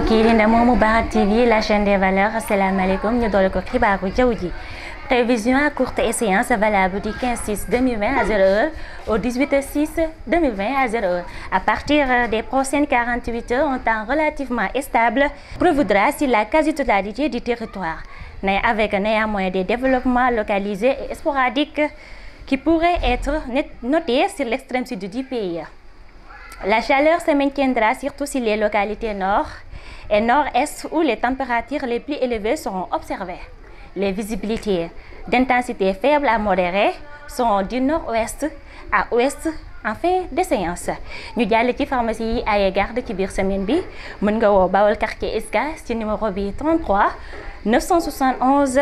Ok, yi TV la chaîne des valeurs c'est ñu doole le xibaaru jaww prévision à courte séance valable du 15 6 2020 à 0 h au 18 6 2020 à 0 h à partir euh, des prochaines 48 heures un temps relativement stable prévoudra sur la quasi-totalité du territoire mais avec néanmoins des développements localisés et sporadiques qui pourraient être notés sur l'extrême sud du pays la chaleur se maintiendra surtout si les localités nord et nord-est où les températures les plus élevées seront observées. Les visibilités d'intensité faible à modérée sont du nord-ouest à ouest en fin de séance ñu jàll ci pharmacie à l'égard de Kibir biir semaine bi quartier numéro 33 971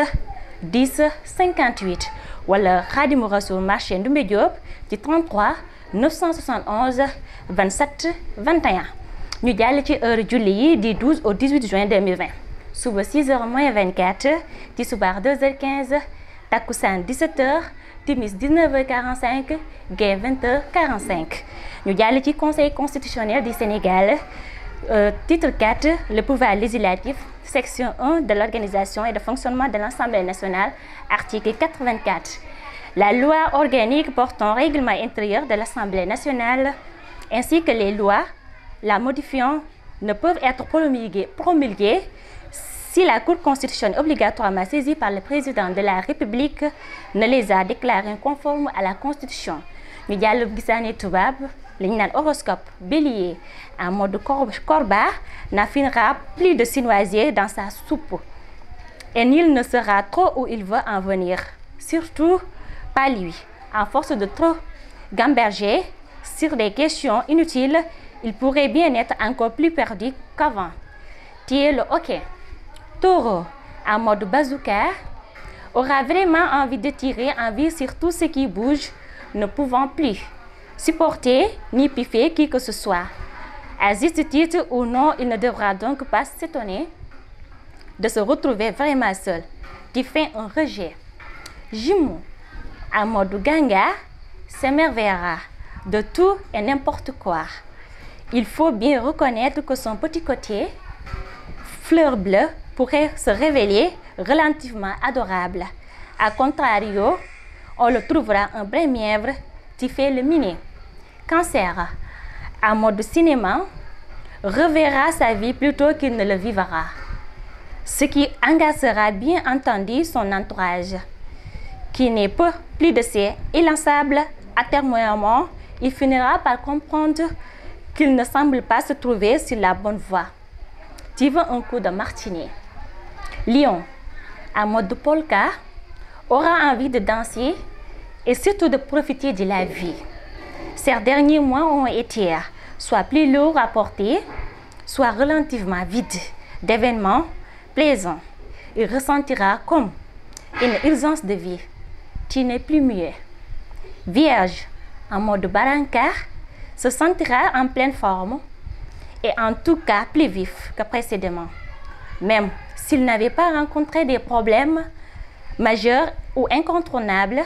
10 58 wala Khadimou Rassoul marché du Diop ci 33 971 27 21 Nous jàll ci heure 12 au 18 juin 2020 Sous 6h 24 10 2h15 17h timis 19h45 20h45 ñu allons ci conseil constitutionnel du Sénégal euh, titre 4, le pouvoir législatif, section 1 de l'organisation et de fonctionnement de l'Assemblée nationale, article 84 la loi organique portant règlement intérieur de l'Assemblée nationale ainsi que les lois la modifiant ne peuvent être promulguées, si la Cour constitutionnelle obligatoirement saisie par le président de la République ne les a déclarées conformes à la Constitution. ñu horoscope bélier en mode corba n'affinera plus de sinoisier dans sa soupe et nul ne sera trop où il veut en venir surtout lui. À force de trop gamberger sur des questions inutiles, il pourrait bien être encore plus perdu qu'avant. Tire le hockey. Taureau, en mode bazooka, aura vraiment envie de tirer en vie sur tout ce qui bouge, ne pouvant plus supporter ni piffer qui que ce soit. À juste titre ou non, il ne devra donc pas s'étonner de se retrouver vraiment seul, qui fait un rejet. Jumeau. Amadou Ganga s'émerveillera de tout et n'importe quoi. Il faut bien reconnaître que son petit côté fleur bleue pourrait se révéler relativement adorable. A contrario, on le trouvera un brin mièvre qui fait le minet. Cancer, à mode cinéma, reverra sa vie plutôt qu'il ne le vivra, ce qui engagera bien entendu son entourage qui n'est pas plus de à à moment il finira par comprendre qu'il ne semble pas se trouver sur la bonne voie. Tu veux un coup de martini. Lyon, à mode polka, aura envie de danser et surtout de profiter de la vie. Ces derniers mois ont été soit plus lourds à porter, soit relativement vides d'événements plaisants. Il ressentira comme une urgence de vie tu n'es plus muet. Vierge, en mode barancar, se sentira en pleine forme et en tout cas plus vif que précédemment. Même s'il n'avait pas rencontré des problèmes majeurs ou incontournables,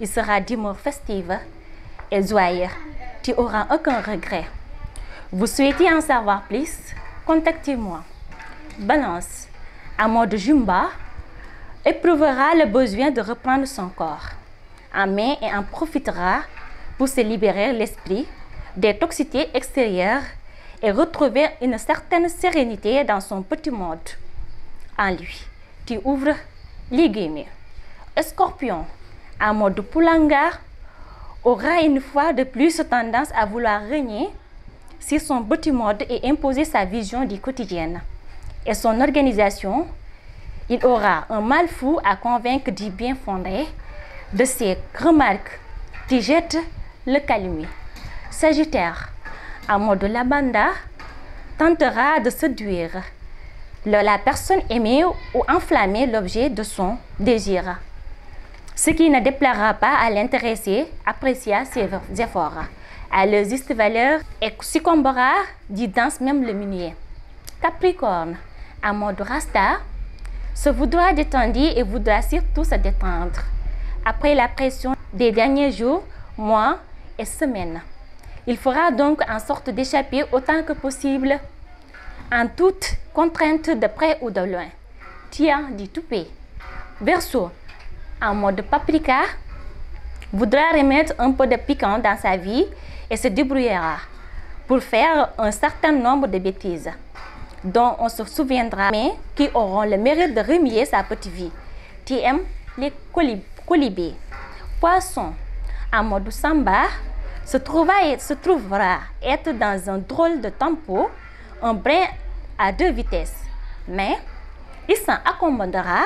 il sera d'humeur festive et joyeux. Tu auras aucun regret. Vous souhaitez en savoir plus Contactez-moi. Balance, en mode jumba, éprouvera le besoin de reprendre son corps en main et en profitera pour se libérer l'esprit des toxicités extérieures et retrouver une certaine sérénité dans son petit monde en lui qui ouvre les guillemets. Scorpion, en mode Poulanga, aura une fois de plus tendance à vouloir régner sur son petit monde et imposer sa vision du quotidien et son organisation il aura un mal fou à convaincre du bien fondé de ses remarques qui jettent le calumet. Sagittaire, amour de la banda, tentera de séduire la personne aimée ou enflammer l'objet de son désir, ce qui ne déplaira pas à l'intéressé, apprécia ses efforts, à leur juste valeur et succombera dit danse même le minier Capricorne, amour de Rasta, se voudra détendre et voudra surtout se détendre après la pression des derniers jours, mois et semaines. Il fera donc en sorte d'échapper autant que possible en toute contrainte de près ou de loin. Tiens, dit Toupé. Verso, en mode paprika, voudra remettre un peu de piquant dans sa vie et se débrouillera pour faire un certain nombre de bêtises dont on se souviendra, mais qui auront le mérite de remuer sa petite vie. TM, les colibés. Poisson, Amadou Samba se, se trouvera être dans un drôle de tempo, un brin à deux vitesses. Mais il s'en accommodera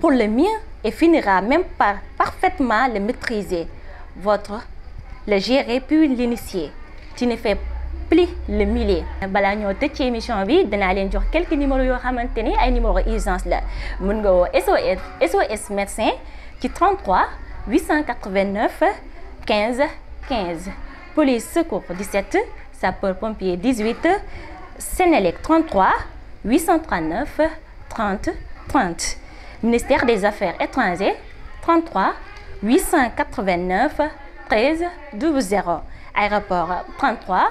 pour le mieux et finira même par parfaitement le maîtriser, votre, le gérer puis l'initier. Tu ne fais pli le millier balaa ñoo tëj émission bi quelques numéros yoo xamante un numéro urgence là. SOS SOS médecin 33 889 15 15 police secours 17 sapeur pompier 18 Sénélec 33 839 30 30 ministère des affaires étrangères 33 889 13 0 aéroport 33